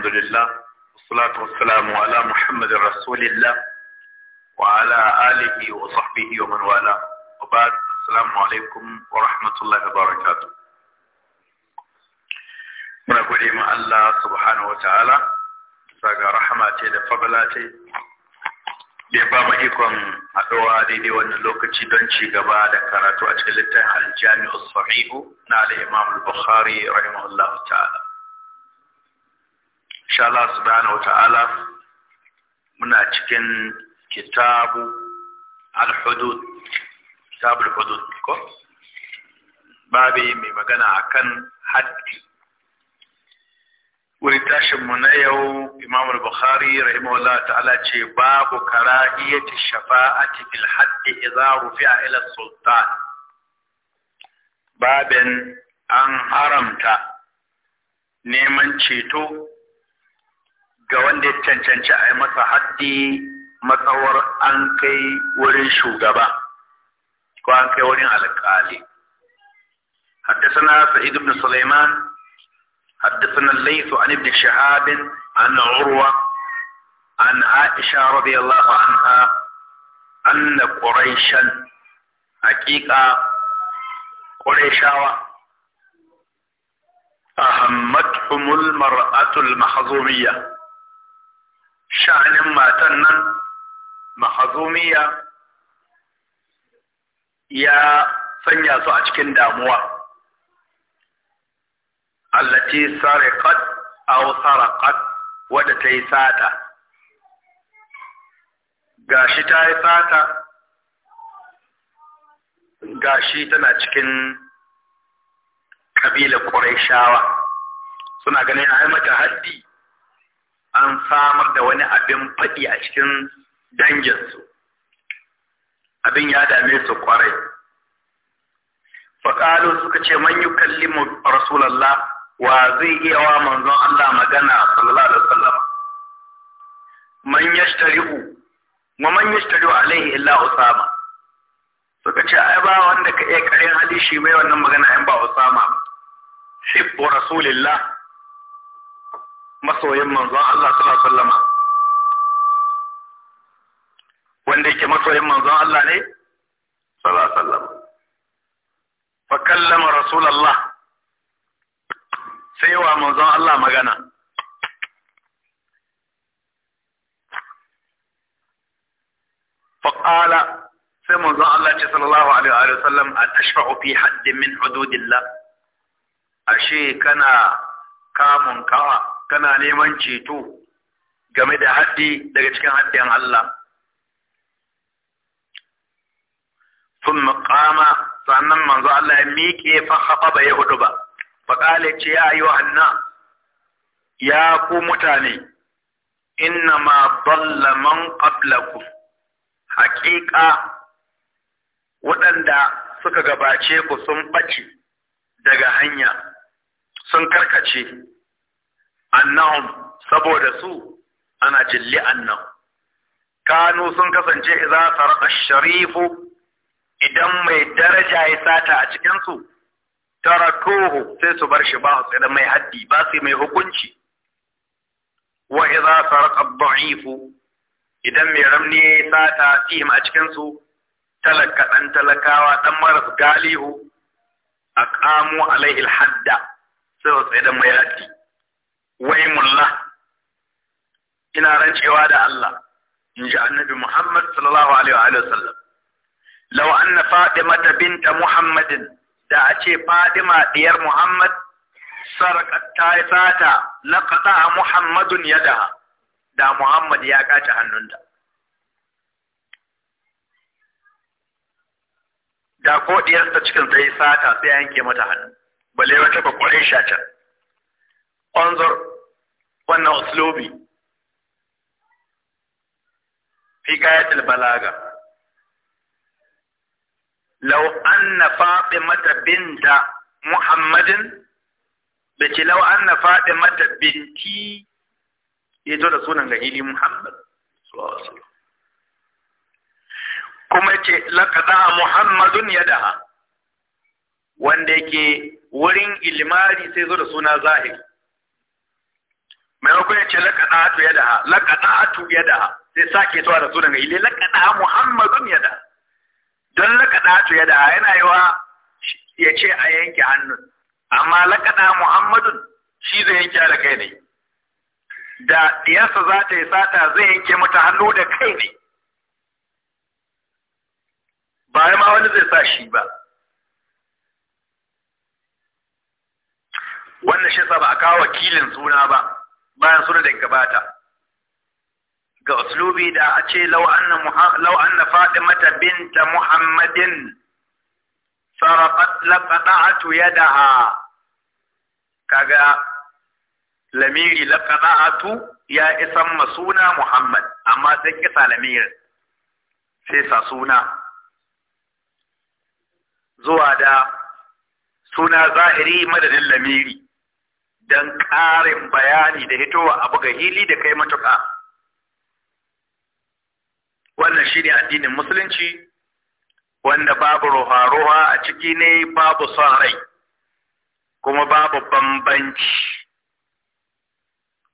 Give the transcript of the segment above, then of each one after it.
الحمد لله والصلاة والسلام على محمد رسول الله وعلى آله وصحبه ومن والاه وبعد السلام عليكم ورحمة الله وبركاته muna gode ma Allah subhanahu wa ta'ala saga rahama da ba mu ikon haɗuwa daidai wannan lokaci don ci gaba da karatu a cikin littafin aljami'u sahihu na da imam al-bukhari ta'ala insha Allah subhanahu wata'ala muna cikin kitabu al-hudud kitabu al-hudud ko babi mai magana akan haddi wurin tashin mu na yau Imam al-Bukhari rahimahullah ta'ala ce babu karahiyati shafa'ati fil haddi idza rufi'a ila sultan babin an haramta neman ceto ga wanda ya cancanci a yi masa haddi matsawar an kai wurin shugaba ko an kai wurin alƙali حدثنا سعيد بن سليمان حدثنا الليث عن ابن شهاب عن عروة عن عائشة رضي الله عنها أن قريشا حقيقة قريشاوة أهمتهم المرأة المخزومية sha'anin matan nan mahazumiya ya sanya su a cikin damuwa allati sariqat aw saraqat wadda ta yi sata gashi ta yi sata gashi tana cikin ƙabilar ƙwarai suna ganin ai mata haddi an samar da wani abin faɗi a cikin danginsu abin ya dame su kwarai faƙalo suka ce man yi kallimu rasulallah wa zai iya wa manzon Allah magana sallallahu alaihi wasallam man yashtari'u wa man yashtari'u alaihi illa usama suka ce ai ba wanda ka iya karin hali shi mai wannan magana in ba usama hibbu rasulillah masoyin manzon Allah sallallahu alaihi wasallam wanda yake masoyin manzon Allah ne sallallahu alaihi wasallam fa kallama rasulullah sai wa manzon Allah magana فقال sai manzon Allah ce sallallahu alaihi wa sallam a tashfa'u fi haddin min hududillah ashe kana kamun kawa kana neman ceto game da haddi daga cikin haddin Allah sun muƙama sannan manzo Allah ya miƙe fahafa ba ya hudu ba faƙale ce ya yi hanna ya ku mutane inna ma balla man haƙiƙa waɗanda suka gabace ku sun ɓace daga hanya sun karkace annahum saboda su ana jilli annahum kanu sun kasance iza tarqa sharifu idan mai daraja ya sata a cikin su tarakuhu sai su bar shi ba su da mai haddi ba su mai hukunci wa iza tarqa dha'ifu idan mai ramni ya sata fihim a cikin su talaka dan talakawa dan maras galihu aqamu alaihi alhadda sai su da mai haddi waimullah ina rancewa da Allah in ji annabi Muhammad sallallahu alaihi wa sallam law anna fatimata binta muhammadin da a ce fatima diyar muhammad sarqat ta yi laqata muhammadun yada da muhammad ya kace hannunta da ko diyarsa cikin sai sata sai yanke mata hannu balle wata ba kwarai shata anzur wannan uslubi fi gayatul balaga law anna fatimata binta muhammadin bace law anna fatimata binti ya da sunan gahili muhammad kuma ce laƙaɗa muhammadun ya daha wanda yake wurin ilimari sai zo da suna zahir. maimakon ya ce laqada'atu yadaha laqada'atu yadaha sai sake zuwa da sunan ile laqada'a muhammadun yadaha don laqada'atu yadaha yana yawa ya ce a yanke hannun amma laqada muhammadun shi zai yanke da kai ne da diyarsa za ta yi sata zai yanke mata hannu da kai ne ba ma wani zai sa shi ba wannan shi ba a kawo wakilin suna ba bayan sura da gabata ga uslubi da a ce law anna law anna fatimata binta muhammadin sarafat laqata'atu yadaha kaga lamiri laqata'atu ya isan masuna muhammad amma sai kisa lamirin sai sa suna zuwa da suna zahiri madadin lamiri don ƙarin bayani da hitowa abu ga hili da kai matuƙa. Wannan shi ne addinin Musulunci, wanda babu roha-roha a ciki ne babu son rai, kuma babu bambanci.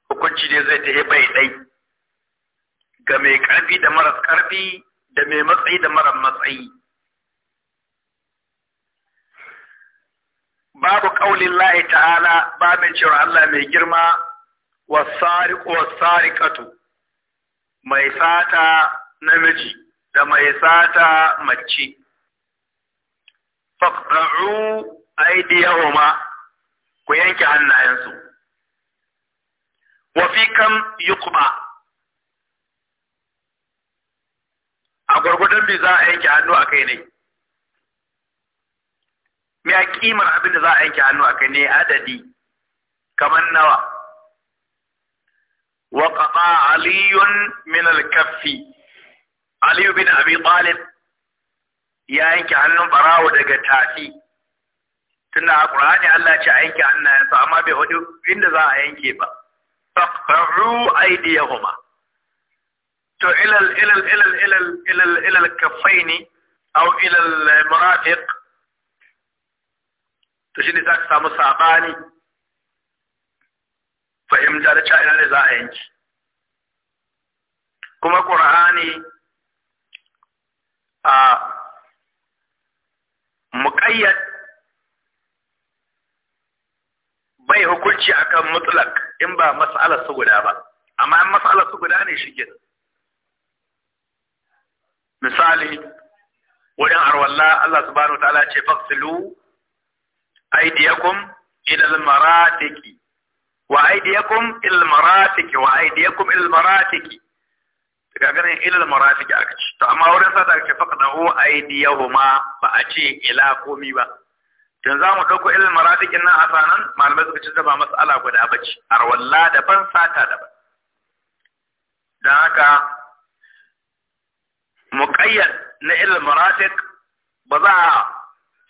Hukunci ne zai tafi bai ɗai, ga mai ƙarfi da maras ƙarfi, da mai matsayi da marar matsayi. babu ƙaulin la'i ta'ala babin cewa Allah mai girma tsari ƙatu, mai sata namiji da mai sata mace. Faƙa'u aidiyahuma ku yanke hannayensu. Wafi kam kuma. a gwargwadon bi za a yanke hannu a kai ne. me a kimar abin da za a yanke hannu a kai ne adadi kamar nawa wa qata aliyun min al-kaffi ali bin abi talib ya yanke hannun barawo daga tafi tunda a qur'ani Allah ya ce a yanke hannayensa amma bai hudu inda za a yanke ba faqru aydiyahuma to ilal ilal ilal ilal ilal ilal kaffaini aw ilal marafiq to ne za ka samu sabani fahimta da cha'ina ne za a yanki kuma qur'ani a muqayyad bai hukunci akan mutlak in ba matsalar su guda ba amma in matsalar su guda ne shi kenan misali wurin arwalla Allah subhanahu wa ta'ala ce fasilu aidiyakum ilal maratiki wa aidiyakum ilal maratiki wa aidiyakum ilal maratiki daga ganin ilal maratiki aka ce to amma wurin sa da aka ce hu aidiyahuma ba a ce ila komi ba dan za mu dauko ilal maratikin nan asanan malamai suka ce ba mas'ala guda ba ci walla da daban sata daban dan haka muqayyad na ilal maratik ba za a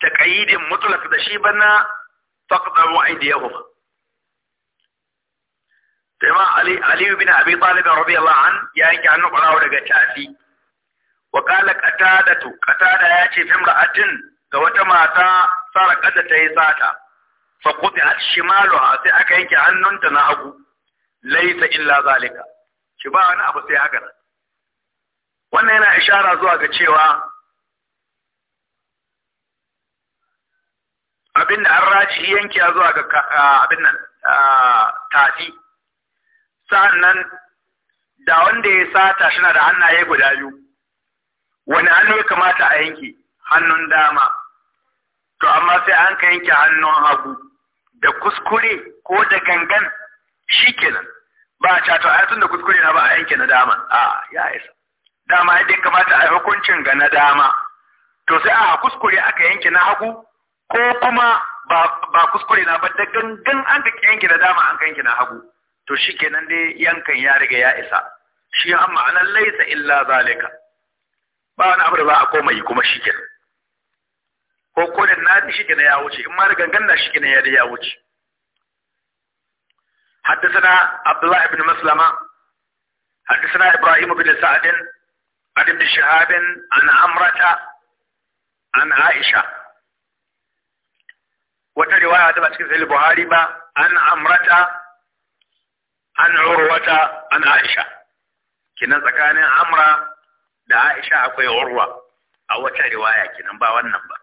taqayidin mutlaq da shi banna faqdaru aydiyahuma kuma ali Aliyu bin abi talib radiyallahu an ya yanke hannu kwarawa daga tafi wa qala qatadatu qatada ya ce fimra'atin ga wata mata saraka ta yi sata fa quti'at shimaluha sai aka yanke hannunta na hagu laysa illa zalika shi ba wani abu sai haka wannan yana ishara zuwa ga cewa abin da an raji yanki zuwa ga abin nan tafi sa'annan da wanda ya sata shi na da hannaye guda biyu wani hannu ya kamata a yanki hannun dama to amma sai an ka yanke hannun hagu da kuskure ko da gangan shi kenan ba a cato a da kuskure na ba a yanke na dama a ya isa dama yadda ya kamata a yi hukuncin ga na dama to sai a kuskure aka yanke na hagu ko kuma ba kuskure na ba da gangan an da yanki da dama an kanki na hagu to shikenan dai yankan ya riga ya isa shi an ma'ana laisa illa zalika ba wani abu da za a koma yi kuma shikenan ko ko da na shi kenan ya wuce in ma da gangan na shi kenan ya ya wuce حدثنا عبد الله بن مسلمة حدثنا إبراهيم بن سعد عن ابن شهاب عن عمرة عن عائشة wata riwaya ta ba cikin sahih buhari ba an amrata an urwata an aisha kinan tsakanin amra da aisha akwai urwa a wata riwaya kinan ba wannan ba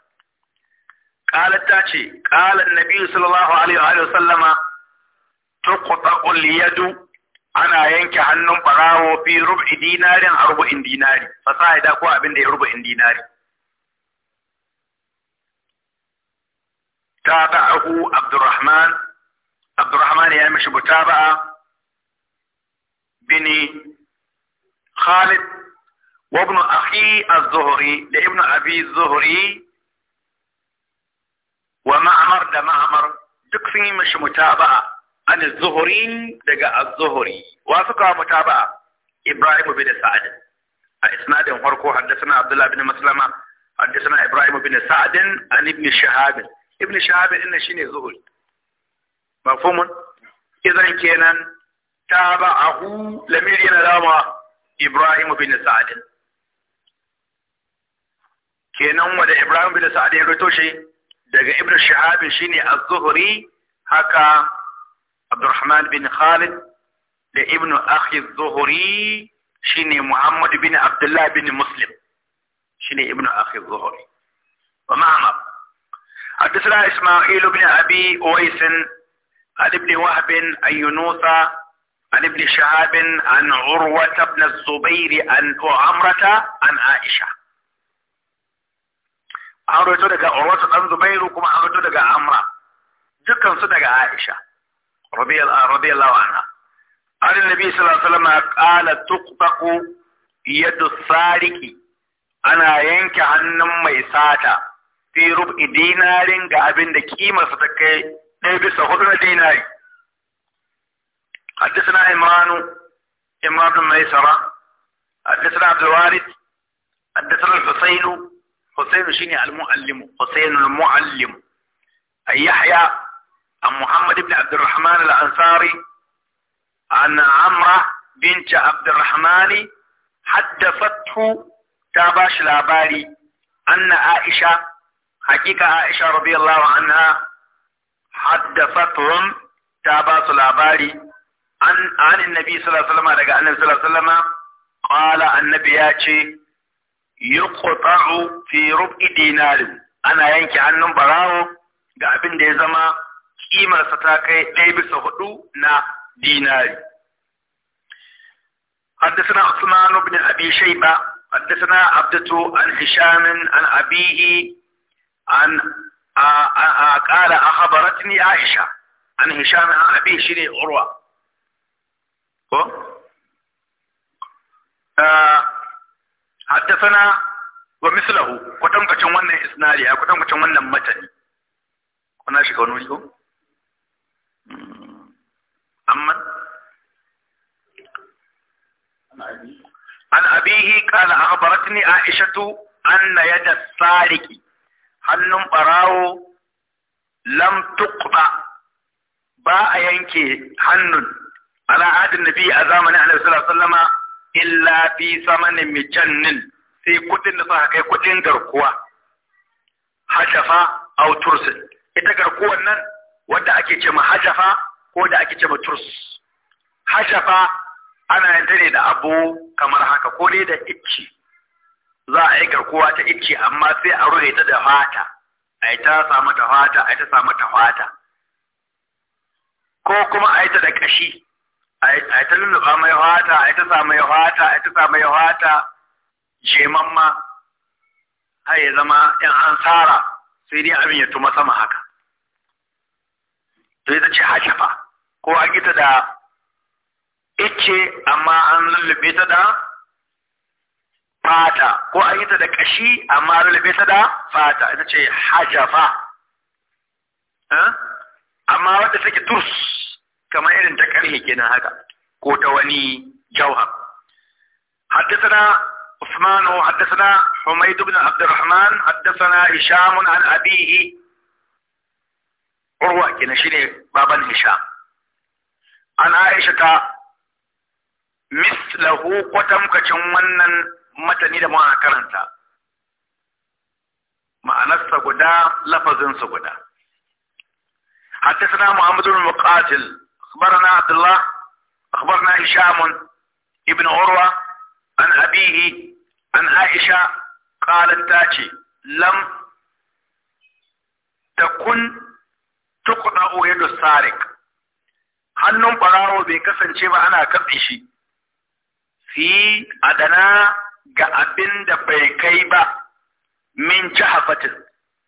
qalat ta ce qala annabi sallallahu alaihi wa sallama tuqta al-yadu ana yanke hannun barawo fi rub'i dinarin arba'in dinari fasaha da ko abin da ya rub'in dinari تابعه عبد الرحمن عبد الرحمن يعني مش متابعة بني خالد وابن أخي الزهري لابن أبي الزهري ومعمر ده معمر دكفي مش متابعة عن الزهري لقى الزهري وافقا متابعة إبراهيم بن سعد إسناد فرقه حدثنا عبد الله بن مسلمة حدثنا إبراهيم بن سعد عن ابن شهاب ابن شعب إن شيني ذهول مفهوم إذا كان تابعه لم يجن لاما إبراهيم بن سعد كان أمه إبراهيم بن سعد يرتوشي دقى ابن شعب شيني الظهري هكا عبد الرحمن بن خالد ابن أخي الظهري شيني محمد بن عبد الله بن مسلم شيني ابن أخي الظهري ومعمر حدثنا اسماعيل بن ابي اويس عن ابن وهب عن يونوثا عن ابن شهاب عن عروة بن الزبير عن عمرة عن عائشة عروة عروة بن الزبير وكما عروة دقا عمرة دقا صدق عائشة رضي الله عنها قال النبي صلى الله عليه وسلم قال تقبق يد الصارك أنا ينك عن نمي ساتا fi rub'i dinarin ga abin da kimarsa ta kai ɗaya bisa hudu na dinari حدثنا عمران عمران بن ميسرة حدثنا عبد الوارث حدثنا الحسين حسين شيني المعلم حسين المعلم أي يحيى عن محمد بن عبد الرحمن الأنصاري عن عمرة بنت عبد الرحمن حدثته تاباش لاباري أن عائشة hakika Aisha radiyallahu anha haddathatuhum ta ba su labari an anin nabi sallallahu alaihi wasallam daga annabi sallallahu alaihi wasallam qala annabi ya ce yuqta'u fi rub'i dinarin ana yanke hannun barawo ga abin da ya zama kimarsa ta kai ɗaya bisa hudu na dinari حدثنا عثمان بن أبي شيبة حدثنا عبدة عن هشام عن أبيه an a ƙara a ni aisha an hisham an abi shi ne urwa ko حدثنا ومثله كتنكتن wannan isnari a كتنكتن wannan matani kuna shiga wani wuri ko hmm. amma an abihi qala akhbaratni aishatu anna yada sariki hannun ɓarawo lam tuqba ba a yanke hannun ala adin nabi a zamanin annabi sallallahu alaihi illa fi samanin mijannin sai kudin da suka kai kudin garkuwa hajafa aw tursin ita garkuwan nan wanda ake ce ma hajafa ko da ake ce ma turs hajafa ana yanta ne da abu kamar haka ko ne da icci za a yi garkuwa ta icce amma sai a rufe ta da fata a yi ta samu ta fata a yi ta samu ta fata ko kuma a yi ta da kashi a yi ta lulluɓa mai fata a yi ta sa mai fata a yi ta sa mai fata jeman ma har ya zama yan an tsara sai dai abin ya tuma sama haka to ita ce hashafa ko an yi ta da icce amma an lullube ta da fata ko an yi ta da kashi, amma lalabe ta da fata ita ce hajjafa amma wadda take turs kamar irin ta ƙarhe kenan haka ko ta wani jawhar haddasana usmanu haddasana humayt ibn abdurrahman haddasana hisham an abihi urwa kenan shine baban hisham an aisha ta mislahu kwatamkacin wannan matani da muka karanta ma'anarsa guda lafazinsa guda حدثنا محمد بن مقاتل اخبرنا عبد الله اخبرنا هشام ابن عروة عن ابيه عن عائشة قالت تاتي لم تكن تقنع يد السارق hannun ɓarawo bai kasance ba ana kafe shi fi adana ga abin da bai kai ba min jahafatin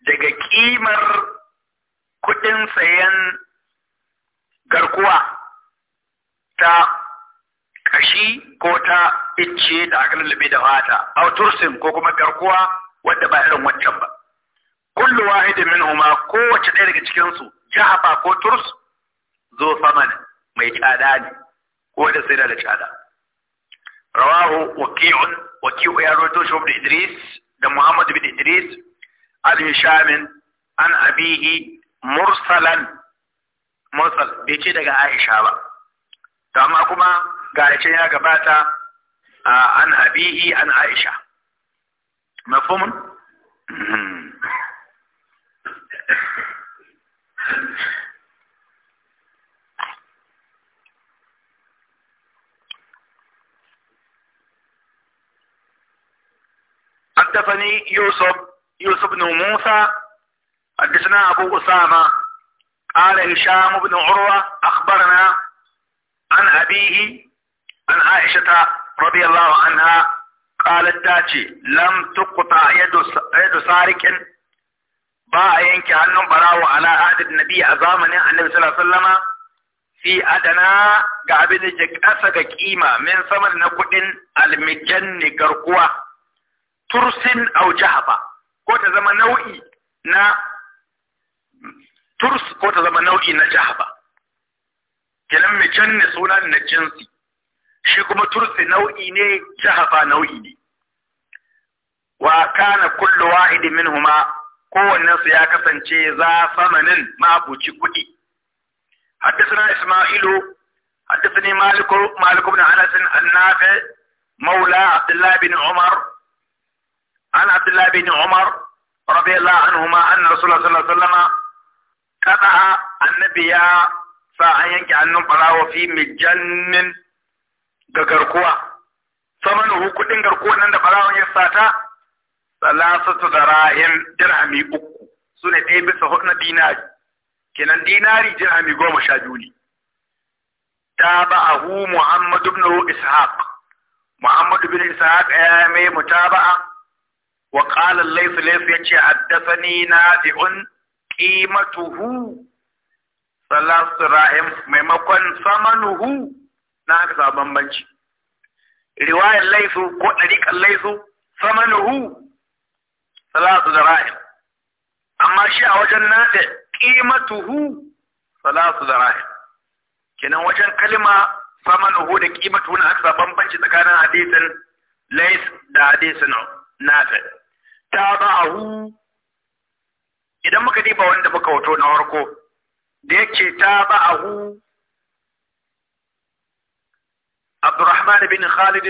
daga kimar kudin sayan garkuwa ta kashi ko ta icce da aka lullube da fata autursin ko kuma garkuwa wadda ba irin wancan ba kullu wahidin min huma kowace ɗaya daga cikinsu jahafa ko turs zo sama mai tsada ne ko da sai da tsada rawahu waqi'un waqi'u ya rawaito shi ibn Idris da Muhammad bin Idris an Hisham an abihi mursalan mursal ce daga Aisha ba to kuma ga ya gabata an abihi an Aisha حدثني يوسف يوسف بن موسى حدثنا أبو أسامة قال هشام بن عروة أخبرنا عن أبيه عن عائشة رضي الله عنها قالت تاتي لم تقطع يد سارق ba a yanke hannun barawo ala adad nabi a zamanin annabi sallallahu fi adana ga abin da ke kasa ga kima min na kudin almijanni garkuwa tursin au jahafa ko ta zama nau'i na turs ko ta zama nau'i na jahafa kenan mai can ne suna na jinsi shi kuma tursi nau'i ne jahafa nau'i ne wa kana kullu wahidin minhuma kowannen su ya kasance za famanin mabuci kuɗi حدثنا إسماعيل حدثني مالك مالك بن أنس النافع مولى عبد الله بن عمر عن عبد الله بن عمر رضي الله عنهما أن رسول الله صلى الله عليه وسلم قطع النبي ساعيا ينكي عنهم براو في مجن غرقوة هو كل غرقوة أن براو يساتا ثلاثة دراهم درهمي أكو سنة تيبس هدنا ديناري كنان ديناري درهمي قوم شاجوني تابعه محمد بن إسحاق محمد بن إسحاق آمي متابعه wa qala layth layth yace haddathani nafi'un qimatuhu salasu ra'im maimakon samanuhu na haka sa bambanci riwayar laifu ko ɗariƙar laifu samanuhu salasu da ra'im amma shi a wajen nata ƙimatuhu salasu da ra'im kenan wajen kalima samanuhu da ƙimatuhu na haka sa bambanci tsakanin hadisin lais da hadisin nata tabahu idan muka diba wanda muka wato na farko da yake tabahu Abdurrahman bin Khalid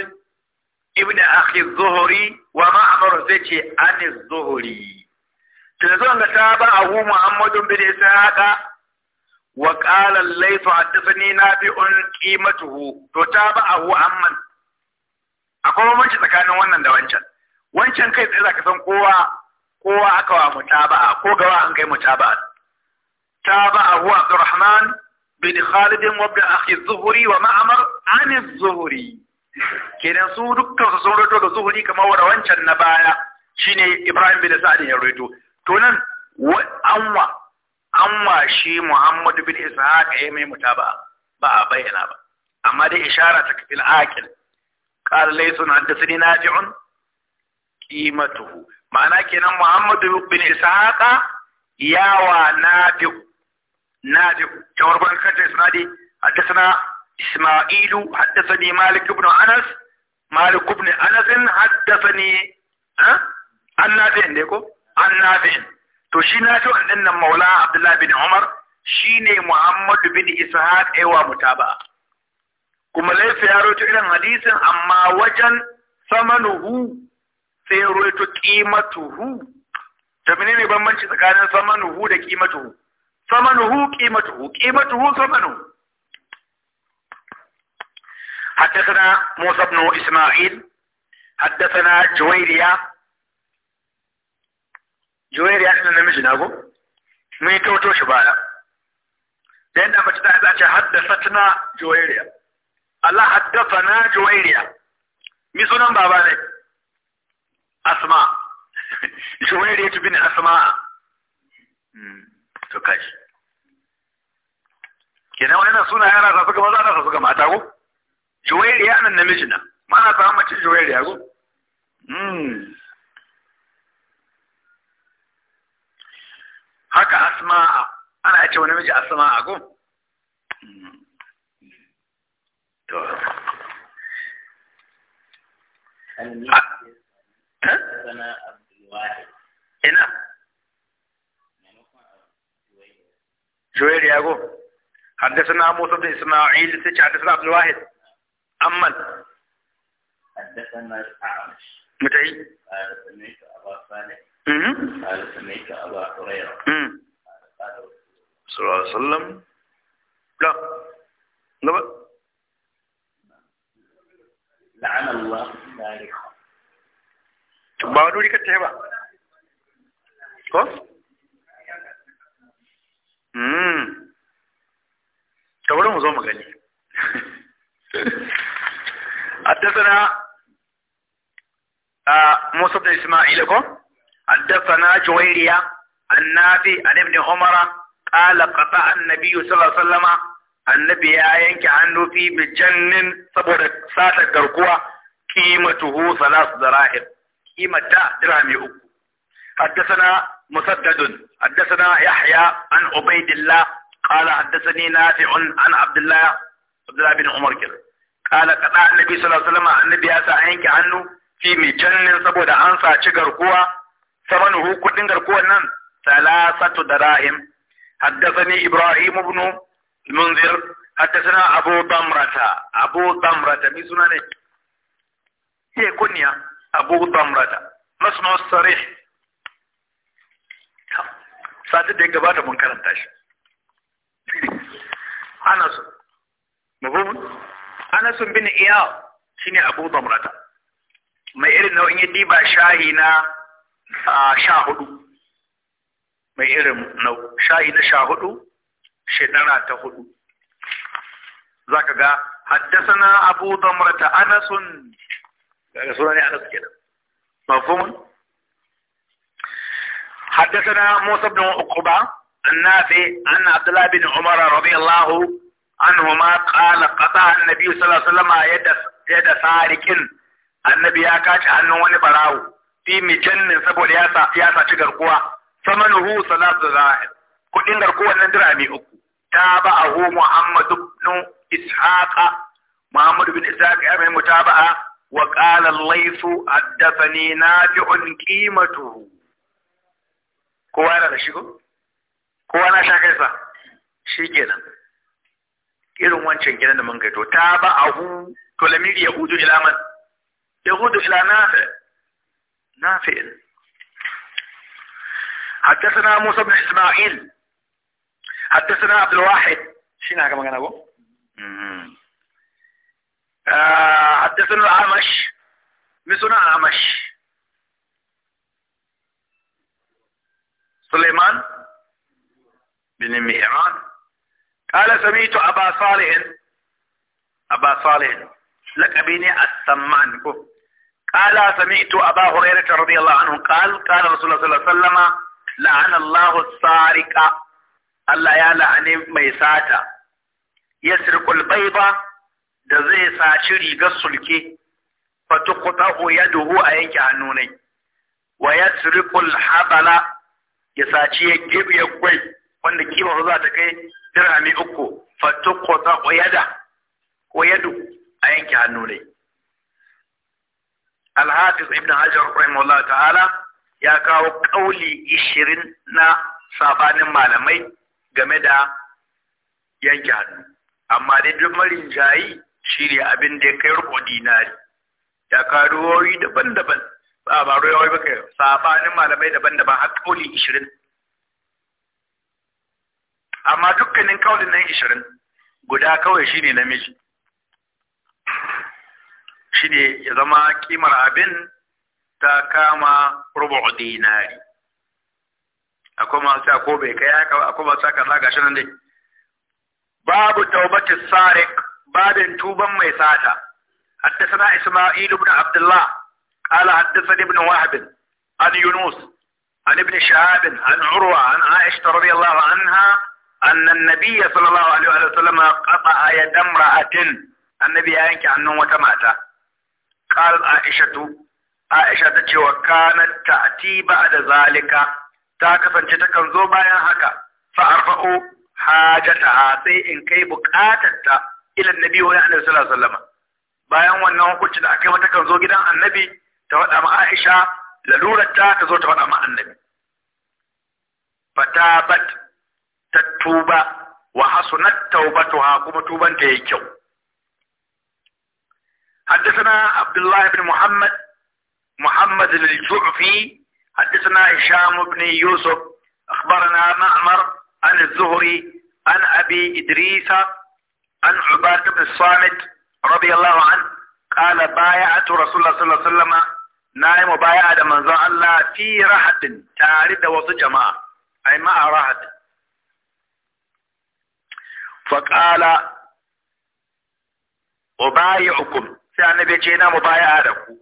ibn akhi Zuhri wa Ma'mar zai ce an Zuhri to yanzu an ga tabahu Muhammad bin Ishaq wa qala al-layth haddathani nabi'un qimatuhu to tabahu amman akwai mamanci tsakanin wannan da wancan wancan kai tsaye ka san kowa kowa aka wa mutaba'a ko gawa an kai mutaba'a taba'a huwa Abdurrahman bin Khalid wa ibn akhi Zuhri wa Ma'mar an Zuhri kenan su dukkan su sun rawaito ga Zuhri kamar wanda wancan na baya shine Ibrahim bin Sa'd ya rawaito to nan anwa anwa shi Muhammad bin Ishaq ya mai mutaba'a ba a bayyana ba amma dai ishara ta kafil aqil qala laysa haddathani nafi'un qimatuhu ma'ana kenan Muhammadu Ishaq ya yawa nafi nafi kamar ban kanta isnadi حدثنا إسماعيل حدثني Malik بن Anas مالك بن أنس حدثني أه؟ عن ne ko عن نافع to shi na fi annan maula abdullahi bin umar shi ne muhammadu Ishaq ya wa mutaba kuma laifi ya roto irin hadisin amma wajen samanuhu sai ya ruwaito qimatuhu ta menene bambanci tsakanin samanuhu da qimatuhu samanuhu qimatuhu qimatuhu samanuhu حدثنا موسى بن إسماعيل حدثنا جويريا جويريا إحنا نمجنا أبو مين توتو شبالا لأن أما تتعب حدثتنا جويريا الله حدثنا جويريا مي بابا ne asma tubi ne asma hmm. to kashi kenan na suna yana sa suka maza ana sa suka mata ko ya nan namiji na mana sa mace ya ku hmm. haka asma'a ana ce wani miji asma'a ku hmm. to ina جوير ياغو حدثنا موسى بن اسماعيل سيتش حدثنا عبد الواحد امن حدثنا الاعمش متعي قال سمعت ابا صالح قال سمعت ابا هريره صلى الله عليه وسلم لا لا لعن الله ذلك ba wani wuri kata ba ko? Mmm, kamar mu zo mu gani. Haddasana a Musa da Ismaila ko? Haddasana Juwairiya, annabi an ibn Umara, ƙala ƙasa annabi Yusufa Sallama, annabi ya yanke hannu fi bijannin saboda sata garkuwa ƙimatuhu salasu da rahim. قيمة دا درامي أكو حدثنا مسدد حدثنا يحيى عن عبيد الله قال حدثني نافع عن عبد الله عبد الله بن عمر كده قال قطع النبي صلى الله عليه وسلم النبي يا sa عنه في مجنن سبود saboda an قوة garkuwa samanuhu kudin garkuwan nan salasatu darahim حدثني إبراهيم بن المنذر حدثنا أبو ضمرة أبو ضمرة نجي هي كنيا abu damrata masna sarih sati da ya gabata mun karanta shi anas mabum anas bin iyaw shine abu damrata mai irin nau'in ya diba shahi na sha hudu mai irin shayi na sha hudu shekara ta hudu za ka ga haddasana abu damrata anasun kaga sunan Anas kenan mafhum حدثنا موسى بن عقبة النافع عن عبد الله بن عمر رضي الله عنهما قال قطع النبي صلى الله عليه وسلم يد يد سارق hannun wani barawo fi mijannin saboda ya sa ya saci garkuwa samanuhu salatu zahir kudin garkuwar nan dirami uku tabahu muhammad ibn ishaqa muhammad ibn ishaqa ya mai mutaba'a وقال الليث حدثني نافع قيمته kowa yana da shigo kowa na sha kaisa shi irin wancan kenan da mun gaito ta ba a hu to ya hudu ila man ya ila nafi nafi حدثنا موسى بن اسماعيل حدثنا عبد الواحد شنو magana ko? Mm-hmm. آه، حدثنا العمش مثل أعمش سليمان بن ميران قال سمعت أبا صالح أبا صالح أبيني السمان قال سمعت أبا هريرة رضي الله عنه قال قال رسول الله صلى الله عليه وسلم لعن الله السارق الله يا لعن ميساتا يسرق البيضة da zai saci rigar sulke fatuqtahu yaduhu a yanke hannu ne wa yasriqul habala ya saci ya gibi ya gwai wanda kima za ta kai dirami uku fatuqtahu yada ko yadu a yanke hannu ne Al-Hafiz Ibn Hajar rahimahullah ta'ala ya kawo kauli ishirin na sabanin malamai game da yanke hannu amma dai duk marin jayi shi ne abin da ya kai rubo dinari ya karuwori ruwoyi daban-daban ba ba ruwoyi ba kai sabanin malamai daban-daban har kauli ishirin amma dukkanin kaulin nan ishirin guda kawai shi ne namiji shi ne ya zama kimar abin ta kama rubo dinari akwai masu ko bai kai haka akwai masu haka za ga shi nan dai babu taubatin sarik بعد توبا ميساتا حدثنا إسماعيل بن عبد الله قال حدثني ابن وهب عن يونس عن ابن شهاب عن عروة عن عائشة رضي الله عنها أن النبي صلى الله عليه وسلم قطع يد امرأة النبي أنك عنه وتماتا قالت عائشة عائشة تشي وكانت تأتي بعد ذلك تاكفا تكن زوبا يا هكا فأرفعوا حاجتها سي إن كي بكاتتا ila annabi wa annabi sallallahu alaihi wasallam bayan wannan hukunci da aka yi mata kan zo gidan annabi ta faɗa ma Aisha lalurar ta ta zo ta faɗa ma annabi fatabat ta tuba wa hasunat taubatuha kuma tuban ta yayi kyau حدثنا عبد الله بن محمد محمد الجعفي حدثنا هشام بن يوسف أخبرنا معمر عن الزهري عن أبي إدريس an ubada bin samit radiyallahu an qala bay'atu rasulullah sallallahu alaihi wasallam na yi mubaya'a da manzon Allah fi tare da wasu jama'a ai ma'a rahat fa qala ubayi'ukum sai annabi ce na mubaya'a da ku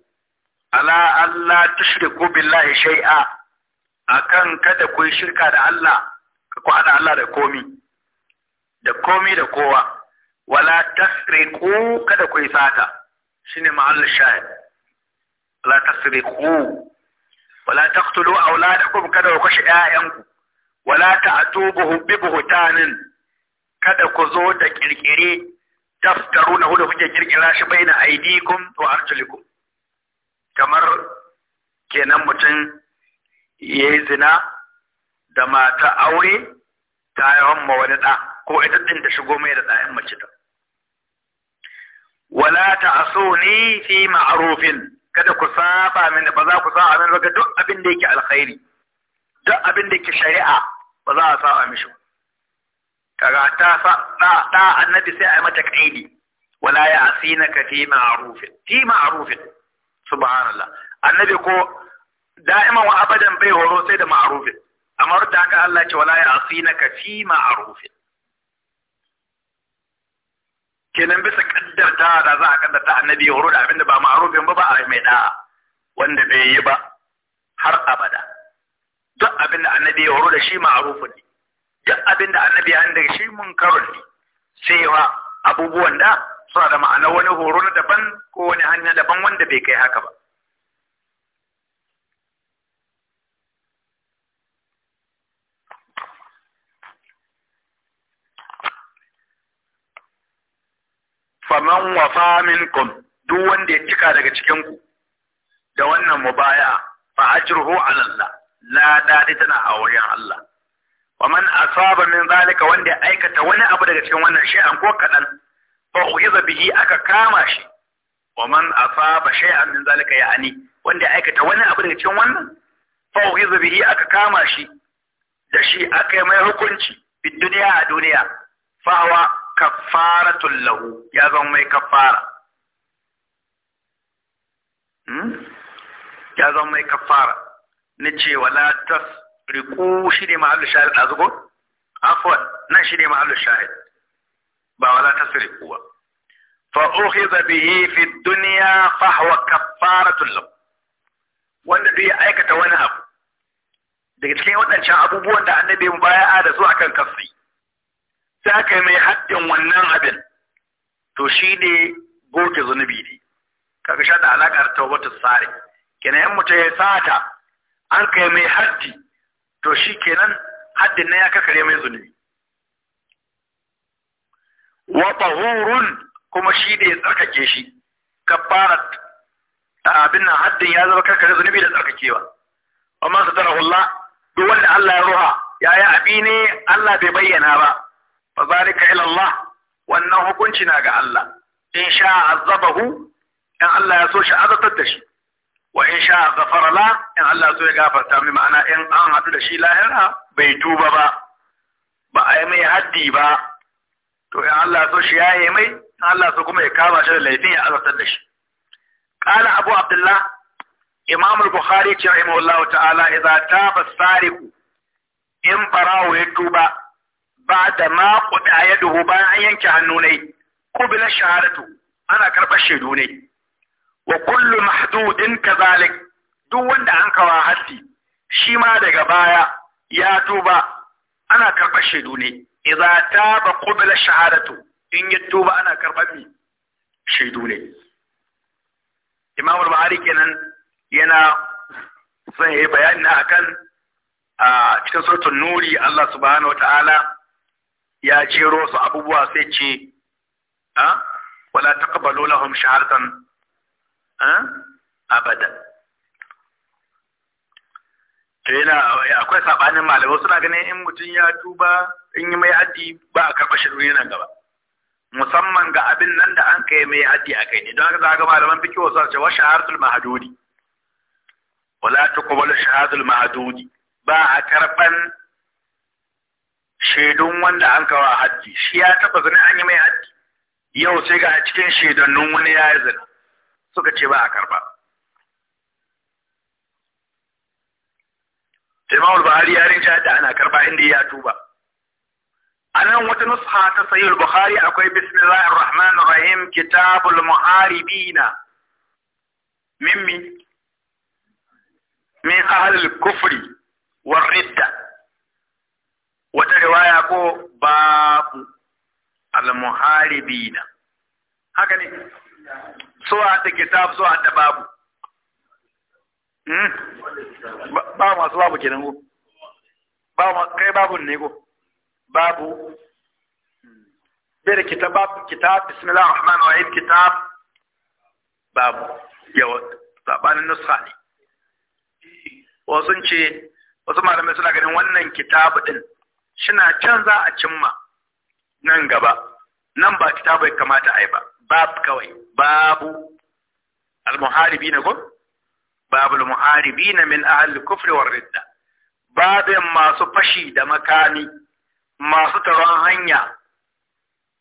ala Allah tushriku billahi shay'a akan kada ku shirka da Allah ka ku Allah da komi da kowa wala ku kada ku yi sata shine ma'al shahid wala ku? wala taqtulu auladakum kada ku kashe ƴaƴanku wala ta'tubuhu bi buhtanin kada ku zo da kirkire taftaruna hudu kuke kirkira shi baina aidikum wa arjulikum kamar kenan mutum ya yi zina da mata aure ta yawan ma wani ɗa ko ita ɗin da shigo mai da ɗayan mace ta wala ta'suni fi ma'rufin kada ku saba mini ba za ku saba mini ba duk abin da yake alkhairi duk abin da yake shari'a ba za a saba mishi kaga ta sa da da annabi sai a mata kaidi wala ya'sinaka fi ma'rufin fi ma'rufin subhanallah annabi ko da'iman wa abadan bai horo sai da ma'rufin amma da haka Allah ce wala ya'sinaka fi ma'rufin kenan bisa kaddarta da za a kaddarta annabi ya horo da abinda ba ma'arufin ba ba a mai da wanda bai yi ba har abada duk abinda annabi ya horo da shi ma'arufin ne duk abinda annabi ya handa shi munkarun ne sai abubuwan da suna da ma'ana wani horo na daban ko wani hanya daban wanda bai kai haka ba faman wafa minkum duk wanda ya cika daga cikin ku da wannan mubaya fa ajruhu ala Allah la dadi tana a wurin Allah wa man asaba min zalika wanda ya aikata wani abu daga cikin wannan shay'an ko kadan fa uiza bihi aka kama shi wa man asaba shay'an min zalika ya'ani wanda ya aikata wani abu daga cikin wannan fa uiza bihi aka kama shi da shi aka mai hukunci fi duniya a duniya fa kaffaratul lahu ya zama mai kaffara hmm? ya zama mai kaffara na cewa wala tas riku shi ne mahallu shahid a zugo afwan nan shi ne mahallu shahid ba wala tas riku ba fa ukhidha bihi fi dunya fa huwa kaffaratul lahu wanda bai aikata wani abu daga cikin waɗancan abubuwan da annabi mu baya da su akan kafi ta kai mai haddin wannan abin to shi ne goge zunubi ne kaga sha da alaƙar tawbatu sare kenan yan mutum ya sata an kai mai haddi to shi kenan haddin na ya kakare mai zunubi wa tahurun kuma shi ne ya tsarkake shi kafarat abin nan haddin ya zama kakare zunubi da tsarkakewa amma satarahu Allah duk wanda Allah ya ruha yaya abi ne Allah bai bayyana ba fa zalika ila Allah wannan hukunci na ga Allah in sha azabahu in Allah ya so shi azatar da shi wa in sha ghafara la in Allah so ya gafarta mai ma'ana in an hadu da shi lahira bai tuba ba ba a yi mai haddi ba to in Allah so shi ya yi mai in Allah so kuma ya kama shi da laifin ya azatar da shi قال أبو عبد الله إمام البخاري رحمه الله تعالى إذا تاب السارق إن فراو يتوبا ba da makuɗa kuɗa ya duhu bayan an yanke hannu ne kubila shahadatu ana karɓar shaidu ne wa kullu mahdudin kazalik duk wanda an kawa haddi shi ma daga baya ya tuba ana karɓar shaidu ne idza taba qubila shahadatu in ya tuba ana karɓar mi shaidu ne imam al-bukhari kenan yana son yayi bayani akan a cikin suratul nuri Allah subhanahu wa ta'ala ya jero su abubuwa sai ce a ah, wala taqbalu lahum shaharatan a ah, abada to yana akwai saɓanin malamai suna ganin in mutum ya tuba in yi mai haddi ba a karɓa shirin nan gaba musamman ga abin nan da an kai mai haddi a kai ne don haka za ga malaman fi wasu ce wa shahartul mahadodi. wala tuqbalu shahartul mahadodi. ba a karɓan shaidun wanda an kawo haddi shi ya taba zina an yi mai haddi yau sai ga cikin shaidannun wani ya yi zina suka ce ba a karba Imam Al-Bukhari ya rinja da ana karba inda ya tuba a nan wata nusha ta sahih Bukhari akwai bismillahir rahmanir rahim kitabul muharibina mimmi min ahli al-kufri war ridda wata riwaya ko babu al-muharibina haka ne so a ta kitab so a ta babu hmm? ba masu babu kenan ko ba kai babu ne ko babu bere da kitab kitab bismillah rahmanir rahim kitab babu yawa sabanin nusa ne wasu ce wasu malamai suna ganin wannan kitabu din shina can za a cimma nan gaba nan ba kita bai kamata a yi ba babu kawai babu almuharibi na gun babu almuharibi na min ahal kufri war ridda babin masu fashi da makani, masu taron hanya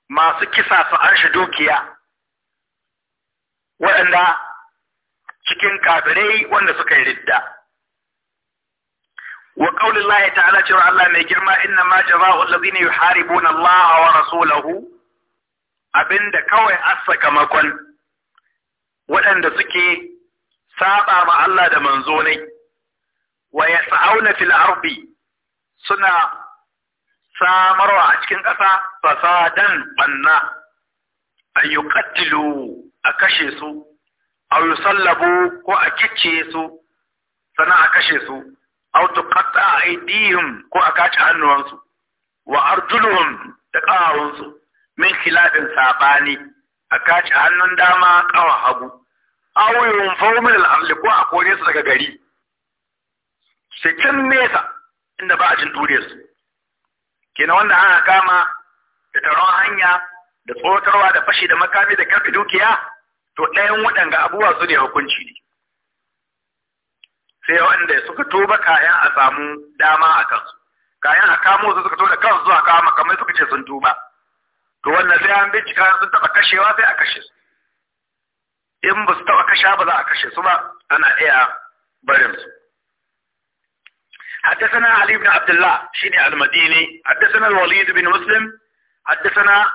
masu kisa su dukiya waɗanda cikin kafirai wanda suka yi ridda wa qaulin ta'ala cewa Allah mai girma inna ma jazaa'u alladhina yuharibuna Allah wa rasulahu abinda kawai asaka makon waɗanda suke saba ma Allah da manzo ne wa yas'auna fil ardi suna samarwa a cikin ƙasa fasadan banna an yuqattilu a kashe su a yusallabu ko a kicce su sana a kashe su aw tuqatta aydihim ko a kace hannuwansu wa arjuluhum da ƙawawunsu min khilafin sabani a kace hannun dama ƙawa hagu aw yunfaw min al ko a kore su daga gari cikin nesa inda ba a jin dure su kenan wanda ana kama da taron hanya da tsotarwa da fashi da makami da karfe dukiya to ɗayan waɗanga abubuwa su ne hukunci ne sai wanda suka toba kayan a samu dama a kansu kayan a kamo su suka toba kansu a kama kamar suka ce sun tuba to wannan sai an bincika sun taba kashewa sai a kashe su in ba su taba kashe ba za a kashe su ba ana iya barin su حدثنا علي بن عبد الله شيني المديني حدثنا الوليد بن مسلم حدثنا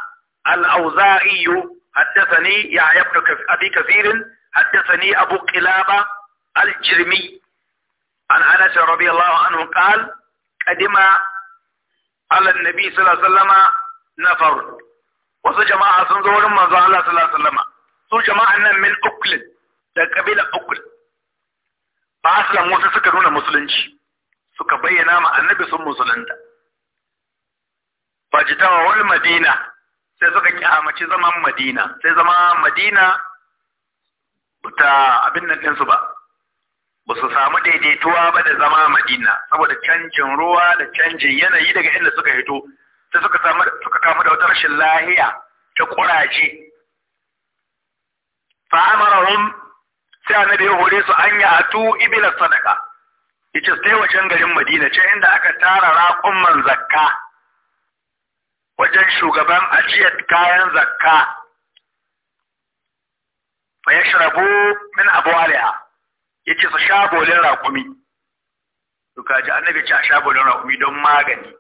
الأوزاعي حدثني يحيى بن أبي كثير حدثني أبو قلابة الجرمي عن انس رضي الله عنه قال قدم على النبي صلى الله عليه وسلم نفر وسو جماعة سنزور من الله صلى الله عليه وسلم سو جماعة من أكل تقبل أكل فأسلم موسى سكرون مسلنج سكبين مع النبي صلى الله عليه وسلم فاجتمعوا المدينة سيزوك كعامة زمان مدينة سيزمان مدينة بتا أبن الإنسبة ba su samu daidaituwa ba da zama madina saboda canjin ruwa da canjin yanayi daga inda suka hito sai suka samu suka kamu da wata rashin lahiya ta kuraje fa amarahum sai annabi ya hore su an atu ibila sadaka yace sai wajen garin madina ce inda aka tara man zakka wajen shugaban ajiyar kayan zakka fa yashrabu min abwaliha yace su sha bolin raƙumi to kaji annabi ce a sha raƙumi don magani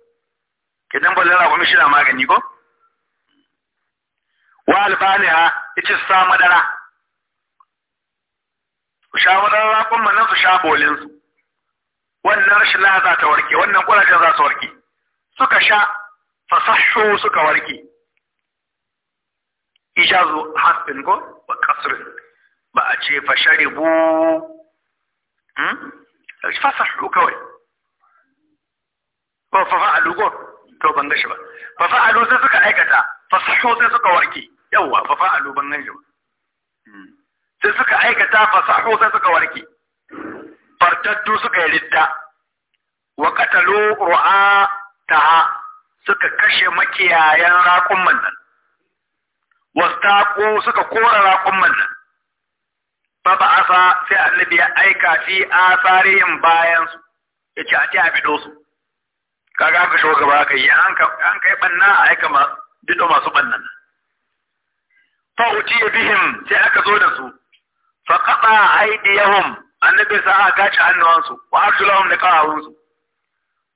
kidan bolin raƙumi shi na magani ko wa albaniha yace su sa madara Ku sha madara rakun nan su sha su wannan rashin laha za ta warke wannan ƙurashen za su warke suka sha fasashu suka warke ijazu hasbin ko wa kasrin ba a ce fasharibu fasahu kawai ko fa fa'alu ko to ban gashi ba fa fa'alu sai suka aikata fasahu sai suka warke yawa fa fa'alu ban gashi ba sai suka aikata fasahu sai suka warke fartattu suka yi ridda wa qatalu ru'ataha suka kashe makiyayan raƙumman nan wastaƙo suka kora raƙumman nan Baba asa sai annabi ya aika a tsarihin bayan su yace a ce a bido su kaga aka shoka ba ka yi an kai banna a aika ma bido masu bannan fa uti bihin sai aka zo da su fa qata aydiyahum annabi sa a gaci hannuwansu wa arjulahum liqa'ahum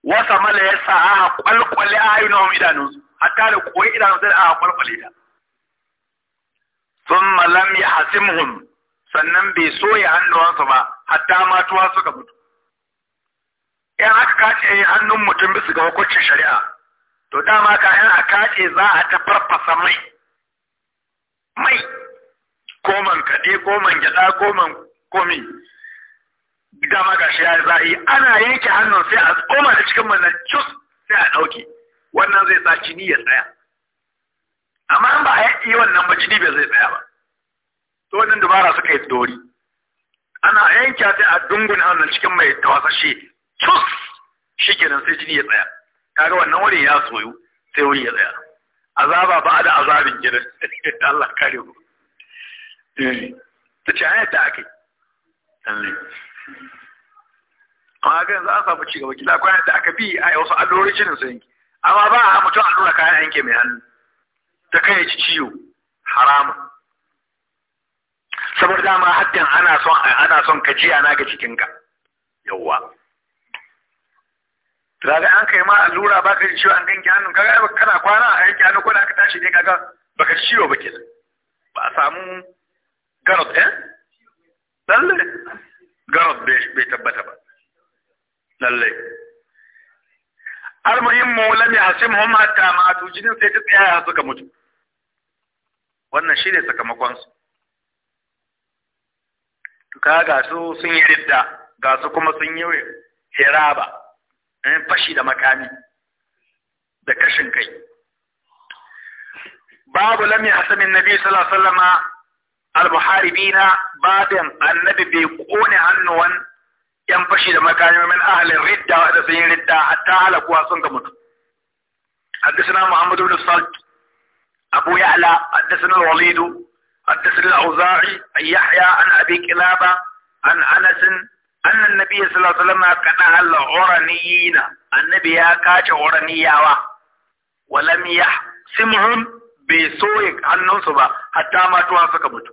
wasa mala ya sa a kwalkwale ayyunan idanunsu hatta da koyi idanunsu da a kwalkwale da. sun malam ya hasimhum sannan bai soya hannuwansu ba hatta matuwa suka mutu in aka kace hannun mutum bisa ga hukuncin shari'a to dama ka in a kace za a ta farfasa mai mai ko man kaɗe ko man gyaɗa ko man komi dama ga shi ya za a yi ana yanke hannun sai a tsoma da cikin mana cus sai a ɗauke wannan zai sa jini ya tsaya amma in ba a yi wannan ba jini bai zai tsaya ba to wannan dubara suka yi dori ana yanke ta a dungun hannun cikin mai tawasashe cus shi kenan sai jini ya tsaya kaga wannan wani ya soyu sai wuri ya tsaya azaba ba da azabin gidan Allah kare ku eh. ta ce hanyar da ake amma ga za an samu ci gaba kila kwanan da aka bi a wasu allurori jinin su yanki amma ba a mutum allura kayan yanke mai hannu ta kai ci ciwo haramun saboda dama hakan ana son ana son ka ji ana ga cikinka Da Raga an kai ma allura baka ka ciwo an ganki hannun kaga kana kwana a yanke hannu ko da aka tashi ne kaga baka ji ciwo ba kenan ba a samu garot eh lalle be bai tabbata ba lalle almuhimmu lam hum hatta ma jinin sai ta tsaya suka mutu wannan shine sakamakon su ka ga su sun yi ridda ga su kuma sun yi hiraba ɗan fashi da makami da kashin kai babu lam yahsamin nabi sallallahu alaihi wasallama al-muharibina babin annabi bai kone hannuwan yan fashi da makami min ahlin ridda da sun yi ridda hatta halakuwa sun ga mutu حدثنا محمد بن الصلت أبو يعلى حدثنا الوليد حدثني الأوزاعي أن يحيى عن أبي كلابة عن أنس أن النبي صلى الله عليه وسلم كان كنه غرنيين النبي يا كاج عرنياوا ولم يحسمهم بسوء عنهم سبا حتى ما توافق سكبت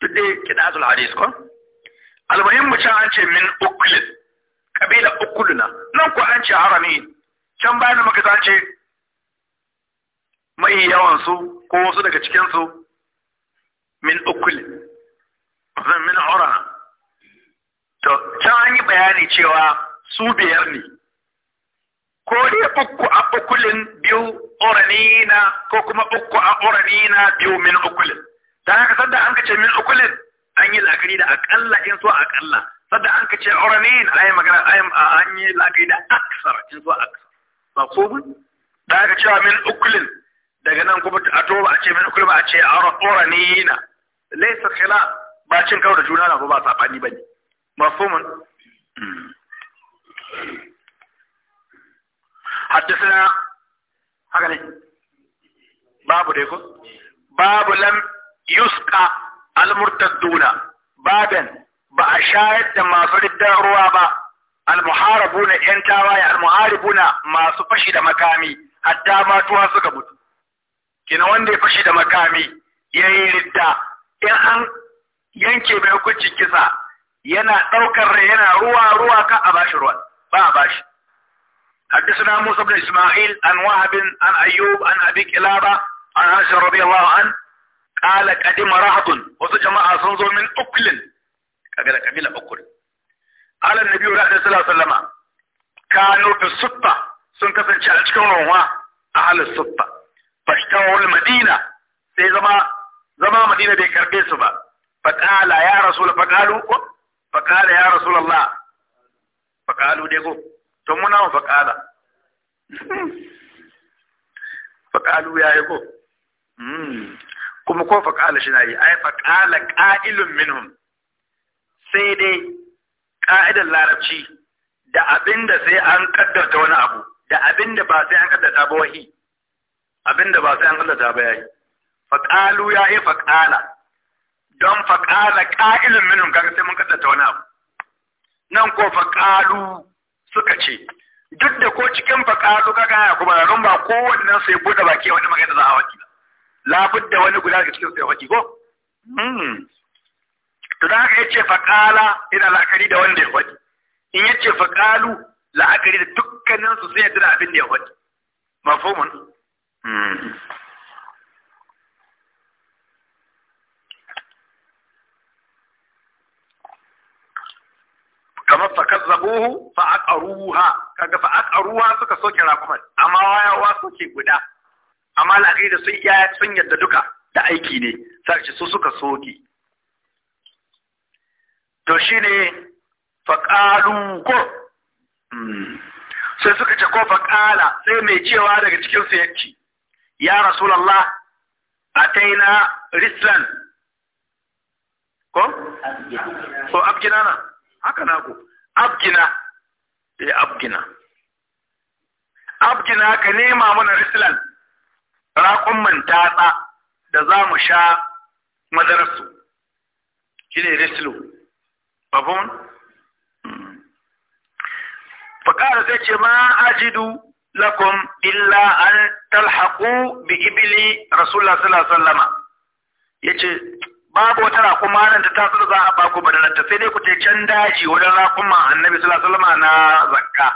تدي كده الحديث كو المهم مشان أنت من أكل قبيلة أكلنا ننكو أنت عرمي كم باينا مكتا أنت ما yawansu يوانسو wasu daga cikinsu min ukul zan min aura to can an yi bayani cewa su biyar ne ko dai uku a ukulin biyu uranina ko kuma uku a uranina biyu min ukulin da haka sanda an kace min ukulin an yi la'akari da akalla in so akalla sanda an kace a ayi magana ayi an yi la'akari da aksar in so aksar ba ko da haka cewa min ukulin daga nan kuma a to ba a ce min kulba a ce araniyina laisa khila ba cin kawo da juna na ba sabani bane mafhumun حدثنا هكذا باب ديكو باب لم يسقى المرتدون بابا بأشاهد ما فرد الروابا المحاربون انتاواي المحاربون ما سفشد مكامي حتى ما suka mutu. kina wanda ya fashi da makami ya yi ridda in an yanke mai hukuncin kisa yana daukar rai yana ruwa ruwa ka a bashi ruwa ba a bashi حدثنا موسى بن إسماعيل عن وهب عن أيوب عن أبي كلابة عن عائشة رضي الله عنه قال قدم رهط وجماعة سنزو من أكل قبيلة قبيلة أكل قال النبي صلى الله عليه وسلم كانوا في السطة سنكسن شعر شكرا أهل السطة fashtawul madina sai zama zama madina bai karbe su ba faqala ya rasul faqalu faqala ya allah faqalu dai ko to muna faqala faqalu ya yi ko hmm. kuma ko faqala shi na yi ai faqala qa'ilun minhum sai dai ka'idar larabci da abinda sai an kaddarta wani abu da abinda ba sai an kaddarta ba wahi abinda ba sai an halatta ba yi. faqalu ya yi faqala don faqala qa'ilun minhum kaga sai mun kaddata wani abu nan ko faqalu suka ce duk da ko cikin faqalu kaga ya kuma don ba kowannen sai bude baki wani magana za a waki la budda wani guda ga cikin sai waki ko hmm. to da haka yace faqala ina la'akari da wanda ya waki in yace faqalu la'akari da dukkanin su sai ya tuna abin da ya waki mafhumun kamar fa kazzabuhu fa aqaruha kaga fa suka soke rakuman amma wayawa soke guda amma lakai sun iya sun yadda duka da aiki ne sai su suka soke to shine fa qalu ko hmm. sai suka ce ko fa qala sai mai cewa daga cikin su yake ya yi ataina rislan ko ko abgina na haka na ku abgina eh abgina abgina ka nema mana rislan rakunman tatsa da za mu sha madararsu shi ne rislu babon hmm. fakara zai ce ma ajidu lakum illa an talhaqu bi ibli rasulullah sallallahu alaihi wasallam yace babu wata raƙuma nan ta tasu za a baku badararta sai dai ku je can daji wajen raƙuma annabi sallallahu alaihi wasallam na zakka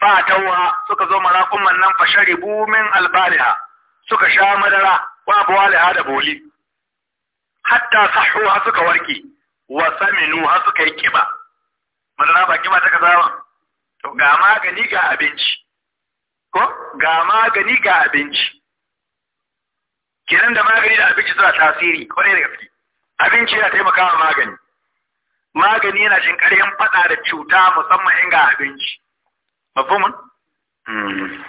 fa tawa suka zo maraƙuman nan fa sharibu min albariha suka sha madara wa bawaliha da boli hatta sahu ha suka warke wa saminu ha suka yi kiba madara ba kiba ta kaza ba to ga magani ga abinci ko ga magani ga abinci kenan da magani da abinci suna tasiri ne da gaske abinci yana taimakawa magani magani yana jin ƙarfin faɗa da cuta musamman in ga abinci mafhumun hmm.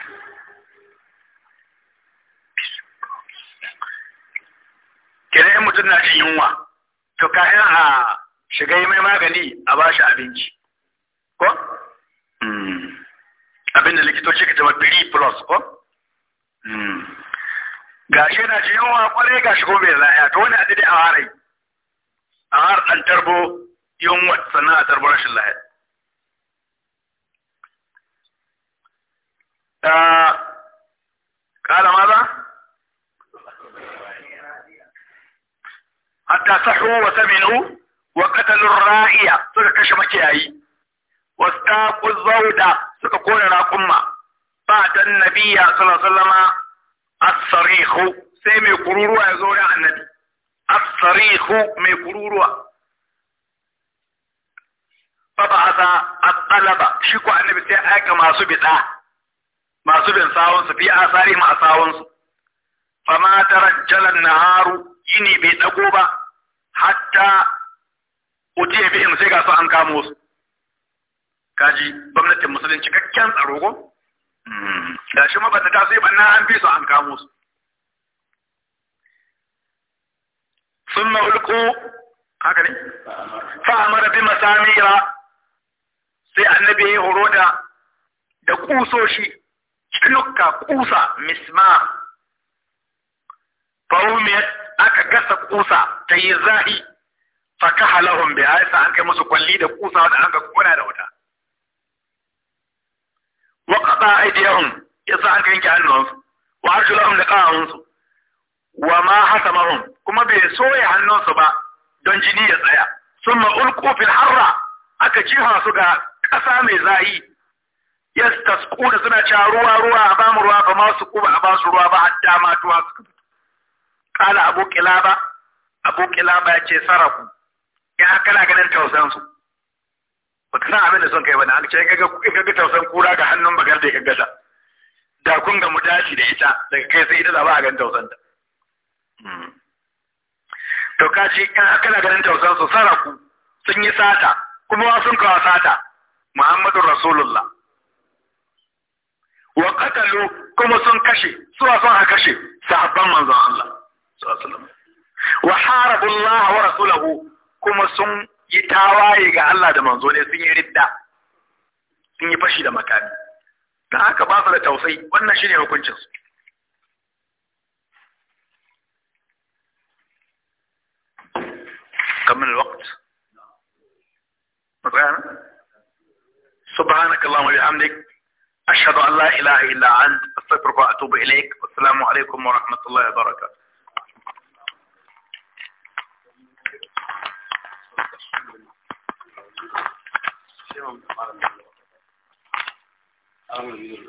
kenan in mutum na jin yunwa to kayan a shiga mai magani a bashi abinci ko hmm. abinda likitoci ka zama biri plus ko hmm. gashi na ji yunwa kwarai gashi ko bai lahiya Ta wani adadi a harai a har dan tarbo yunwa sannan a tarbo rashin lahiya ta ah, kala maza hatta sahu wa saminu wa qatalu ra'iya suka kashe makiyayi wastaqu zauda suka kore raƙumma fa dan nabiyya sallallahu alaihi wasallama as-sarihu sai mai kururuwa ya zo da annabi as-sarihu mai kururuwa fa ba'atha at-talaba shi ko annabi sai aika masu bid'a masu bin sawun su fi asari ma yini bai dago ba hatta utiye sai ga su an kamo su kaji gwamnatin musulunci cikakken tsaro ko da shi mabata ta sai banna an bi su an kamo su sun ulqu haka ne fa amara bi masamira sai annabi ya horo da da kusoshi cinuka kusa misma faumiyat aka gasa kusa ta yi za'i Faka kahalahum bi aisa an kai musu kwalli da kusa da an ga kuna da wata. wa qada aydiyahum yasa an yanke hannunsu wa arjulahum da qahunsu wa ma hatamahum kuma bai soya hannunsu ba don jini ya tsaya summa ulqu fil harra aka jiha su ga ƙasa mai zahi yastasquna suna cewa ruwa ruwa a bamu ruwa ba ma su a basu ruwa ba hatta ma tuwa suka fito qala abu ya ce saraku ya kana ganin tausansu baka san abin da son kai ba na ce in kaga tausan kura ga hannun bagar da ya ta, da kun ga mudaci da ita daga kai sai ita za ba a ganin tausan ta hmm. to ka ce in haka na ganin tausan su saraku sun yi sata kuma wa sun kawo sata Muhammadu rasulullah wa qatalu kuma sun kashe su sun a kashe sahabban manzon Allah sallallahu alaihi wasallam wa harabu Allah wa rasulahu kuma sun yi tawaye ga Allah da manzo ne sun yi ridda sun yi fashi da makami da haka ba su da tausayi wannan shine hukuncin su kamar كمل الوقت مطعنا سبحانك اللهم وبحمدك أشهد أن لا إله إلا أنت أستغفرك وأتوب assalamu alaikum wa rahmatullahi wa barakatuh maximum amount of people. I don't want to use it.